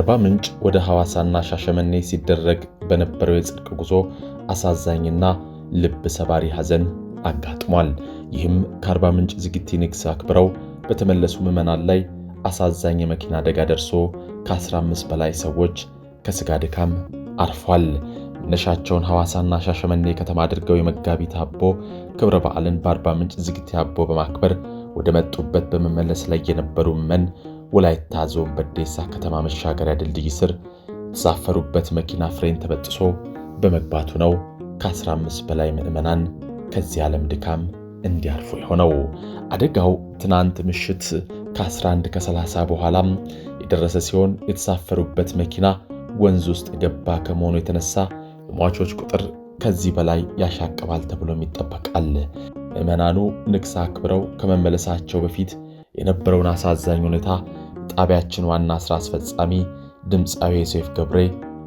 ከአርባ ምንጭ ወደ ሐዋሳና ሻሸመኔ ሲደረግ በነበረው የጽድቅ ጉዞ አሳዛኝና ልብ ሰባሪ ሐዘን አጋጥሟል። ይህም ከአርባ ምንጭ ዝግቲ ንግስ አክብረው በተመለሱ ምዕመናን ላይ አሳዛኝ የመኪና አደጋ ደርሶ ከ15 በላይ ሰዎች ከስጋ ድካም አርፏል። መነሻቸውን ሐዋሳና ሻሸመኔ ከተማ አድርገው የመጋቢት አቦ ክብረ በዓልን በአርባ ምንጭ ዝግቲ አቦ በማክበር ወደ መጡበት በመመለስ ላይ የነበሩ መን ወላይታ ዞን በዴሳ ከተማ መሻገሪያ ድልድይ ስር የተሳፈሩበት መኪና ፍሬን ተበጥሶ በመግባቱ ነው ከ15 በላይ ምዕመናን ከዚህ ዓለም ድካም እንዲያርፉ የሆነው። አደጋው ትናንት ምሽት ከ11 ከ30 በኋላም የደረሰ ሲሆን የተሳፈሩበት መኪና ወንዝ ውስጥ ገባ ከመሆኑ የተነሳ የሟቾች ቁጥር ከዚህ በላይ ያሻቅባል ተብሎም ይጠበቃል። ምዕመናኑ ንግስ አክብረው ከመመለሳቸው በፊት የነበረውን አሳዛኝ ሁኔታ ጣቢያችን ዋና ስራ አስፈጻሚ ድምፃዊ ዮሴፍ ገብሬ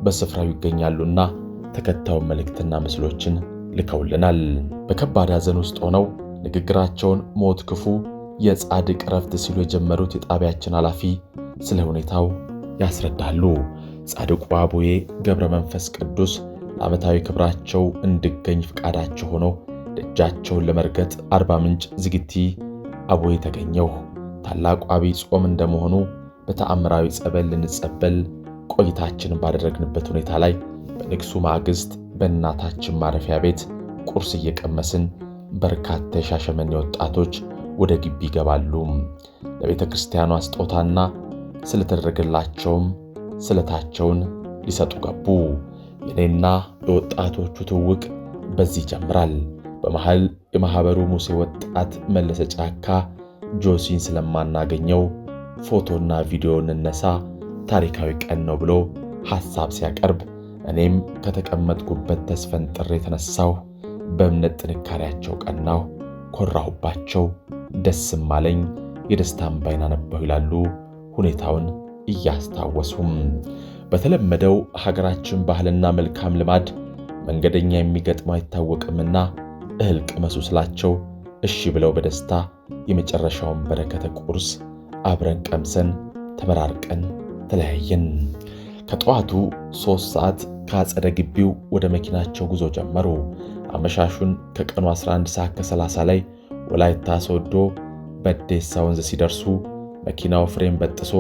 በስፍራው ይገኛሉና ተከታዩን መልእክትና ምስሎችን ልከውልናል። በከባድ ሐዘን ውስጥ ሆነው ንግግራቸውን ሞት ክፉ የጻድቅ ረፍት ሲሉ የጀመሩት የጣቢያችን ኃላፊ ስለ ሁኔታው ያስረዳሉ። ጻድቁ አቡዬ ገብረ መንፈስ ቅዱስ ለዓመታዊ ክብራቸው እንድገኝ ፈቃዳቸው ሆኖ ደጃቸውን ለመርገጥ አርባ ምንጭ ዝግቲ አቡዬ ተገኘሁ ታላቁ አብይ ጾም እንደመሆኑ በተአምራዊ ጸበል ልንጸበል ቆይታችን ባደረግንበት ሁኔታ ላይ በንግሱ ማግስት በእናታችን ማረፊያ ቤት ቁርስ እየቀመስን በርካታ የሻሸመኔ ወጣቶች ወደ ግቢ ይገባሉ። ለቤተ ክርስቲያኗ ስጦታና ስለተደረገላቸውም ስለታቸውን ሊሰጡ ገቡ። የኔና የወጣቶቹ ትውውቅ በዚህ ይጀምራል። በመሃል የማኅበሩ ሙሴ ወጣት መለሰ ጫካ ጆሲን ስለማናገኘው ፎቶና ቪዲዮ እንነሳ፣ ታሪካዊ ቀን ነው ብሎ ሐሳብ ሲያቀርብ እኔም ከተቀመጥኩበት ተስፈንጥሬ የተነሳው በእምነት ጥንካሬያቸው ቀናሁ፣ ኮራሁባቸው፣ ደስም አለኝ፣ የደስታም ባይና ነበሁ ይላሉ ሁኔታውን እያስታወሱም። በተለመደው ሀገራችን ባህልና መልካም ልማድ መንገደኛ የሚገጥመው አይታወቅምና እህል ቅመሱ ስላቸው እሺ ብለው በደስታ የመጨረሻውን በረከተ ቁርስ አብረን ቀምሰን ተመራርቀን ተለያየን። ከጠዋቱ ሶስት ሰዓት ከአጸደ ግቢው ወደ መኪናቸው ጉዞ ጀመሩ። አመሻሹን ከቀኑ 11 ሰዓት ከ30 ላይ ወላይታ ሶዶ በዴሳ ወንዝ ሲደርሱ መኪናው ፍሬም በጥሶ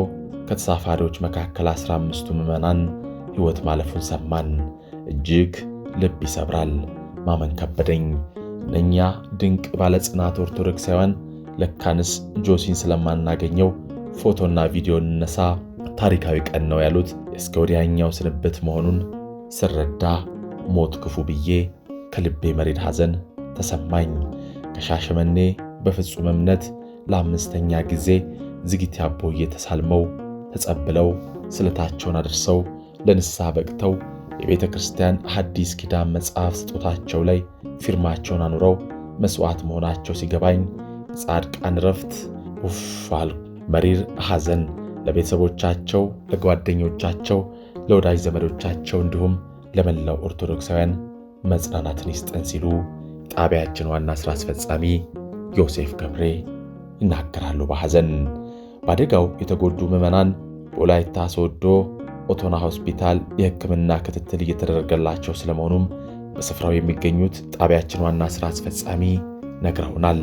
ከተሳፋሪዎች መካከል 15ቱ ምዕመናን ሕይወት ማለፉን ሰማን። እጅግ ልብ ይሰብራል። ማመን ከበደኝ። ለእኛ ድንቅ ባለጽናት ኦርቶዶክሳውያን ለካንስ ጆሲን ስለማናገኘው ፎቶና ቪዲዮ እንነሳ፣ ታሪካዊ ቀን ነው ያሉት እስከ ወዲያኛው ስንብት መሆኑን ስረዳ ሞት ክፉ ብዬ ከልቤ መሬድ ሐዘን ተሰማኝ። ከሻሸመኔ በፍጹም እምነት ለአምስተኛ ጊዜ ዝግት አቦዬ ተሳልመው ተጸብለው ስለታቸውን አድርሰው ለንስሐ በቅተው የቤተ ክርስቲያን አዲስ ኪዳን መጽሐፍ ስጦታቸው ላይ ፊርማቸውን አኑረው መሥዋዕት መሆናቸው ሲገባኝ ጻድቃን ረፍት ውፍ አልኩ። መሪር ሐዘን ለቤተሰቦቻቸው፣ ለጓደኞቻቸው፣ ለወዳጅ ዘመዶቻቸው እንዲሁም ለመላው ኦርቶዶክሳውያን መጽናናትን ይስጠን ሲሉ ጣቢያችን ዋና ሥራ አስፈጻሚ ዮሴፍ ገብሬ ይናገራሉ። በሐዘን በአደጋው የተጎዱ ምዕመናን በወላይታ ሶዶ ኦቶና ሆስፒታል የህክምና ክትትል እየተደረገላቸው ስለመሆኑም በስፍራው የሚገኙት ጣቢያችን ዋና ስራ አስፈጻሚ ነግረውናል።